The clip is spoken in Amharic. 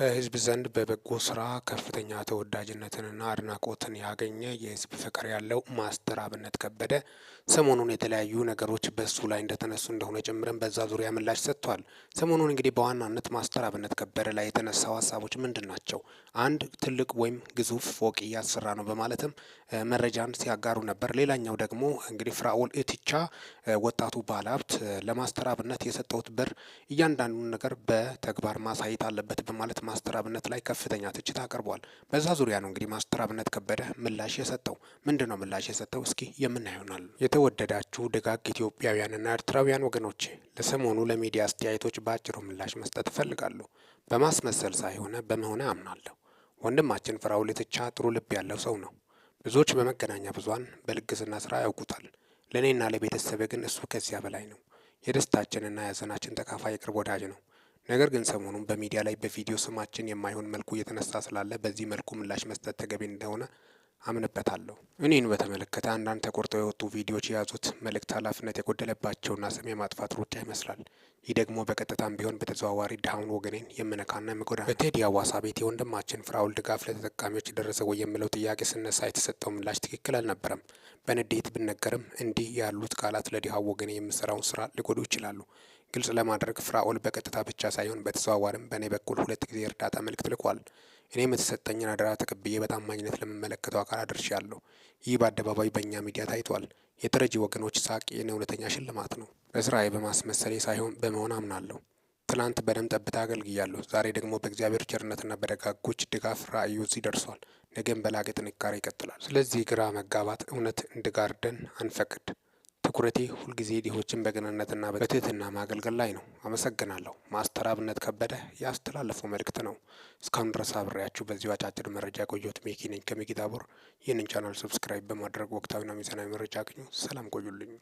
በህዝብ ዘንድ በበጎ ስራ ከፍተኛ ተወዳጅነትንና አድናቆትን ያገኘ የህዝብ ፍቅር ያለው ማስተር አብነት ከበደ ሰሞኑን የተለያዩ ነገሮች በሱ ላይ እንደተነሱ እንደሆነ ጭምርን በዛ ዙሪያ ምላሽ ሰጥቷል። ሰሞኑን እንግዲህ በዋናነት ማስተር አብነት ከበደ ላይ የተነሳው ሀሳቦች ምንድን ናቸው? አንድ ትልቅ ወይም ግዙፍ ፎቅ እያሰራ ነው በማለትም መረጃን ሲያጋሩ ነበር። ሌላኛው ደግሞ እንግዲህ ፍራኦል እትቻ ወጣቱ ባለሀብት ለማስተር አብነት የሰጠውት ብር እያንዳንዱን ነገር በተግባር ማሳየት አለበት በማለት ማስተር አብነት ላይ ከፍተኛ ትችት አቅርቧል። በዛ ዙሪያ ነው እንግዲህ ማስተር አብነት ከበደ ምላሽ የሰጠው። ምንድን ነው ምላሽ የሰጠው? እስኪ የምናየው የተወደዳችሁ ደጋግ ኢትዮጵያውያንና ኤርትራውያን ወገኖች ለሰሞኑ ለሚዲያ አስተያየቶች በአጭሩ ምላሽ መስጠት እፈልጋለሁ። በማስመሰል ሳይሆነ በመሆነ አምናለሁ። ወንድማችን ፍራው ልትቻ ጥሩ ልብ ያለው ሰው ነው። ብዙዎች በመገናኛ ብዙን በልግስና ስራ ያውቁታል። ለእኔና ለቤተሰብ ግን እሱ ከዚያ በላይ ነው። የደስታችንና የሀዘናችን ተካፋይ የቅርብ ወዳጅ ነው። ነገር ግን ሰሞኑን በሚዲያ ላይ በቪዲዮ ስማችን የማይሆን መልኩ እየተነሳ ስላለ በዚህ መልኩ ምላሽ መስጠት ተገቢ እንደሆነ አምንበታለሁ። እኔን በተመለከተ አንዳንድ ተቆርጠው የወጡ ቪዲዮዎች የያዙት መልእክት ኃላፊነት የጎደለባቸውና ስም የማጥፋት ሩጫ ይመስላል። ይህ ደግሞ በቀጥታም ቢሆን በተዘዋዋሪ ድሃውን ወገኔን የምነካና የምጎዳ በቴዲ አዋሳ ቤት የወንድማችን ፍራውል ድጋፍ ለተጠቃሚዎች ደረሰ ወይ ጥያቄ ስነሳ የተሰጠው ምላሽ ትክክል አልነበረም። በንዴት ብነገርም እንዲህ ያሉት ቃላት ለድሃው ወገኔ የምሰራውን ስራ ሊጎዱ ይችላሉ። ግልጽ ለማድረግ ፍራኦል በቀጥታ ብቻ ሳይሆን በተዘዋዋሪም በእኔ በኩል ሁለት ጊዜ እርዳታ መልእክት ልኳል። እኔም የተሰጠኝን አደራ ተቀብዬ በታማኝነት ለምመለከተው አካል አድርሻለሁ። ይህ በአደባባይ በእኛ ሚዲያ ታይቷል። የተረጂ ወገኖች ሳቅ የኔ እውነተኛ ሽልማት ነው። በስራዬ በማስመሰሌ ሳይሆን በመሆን አምናለሁ። ትላንት በደም ጠብታ አገልግያለሁ። ዛሬ ደግሞ በእግዚአብሔር ቸርነትና በደጋጎች ድጋፍ ራእዩ እዚህ ደርሷል። ነገም በላቀ ጥንካሬ ይቀጥላል። ስለዚህ ግራ መጋባት እውነት እንድጋርደን አንፈቅድ። ትኩረቴ ሁልጊዜ ድሆችን በቅንነትና በትህትና ማገልገል ላይ ነው። አመሰግናለሁ። ማስተር አብነት ከበደ ያስተላለፈው መልእክት ነው። እስካሁን ድረስ አብሬያችሁ በዚሁ አጫጭር መረጃ የቆየሁት ሜኪ ነኝ ከሚኪታቦር። ይህንን ቻናል ሰብስክራይብ በማድረግ ወቅታዊና ሚዛናዊ መረጃ አግኙ። ሰላም ቆዩልኝ።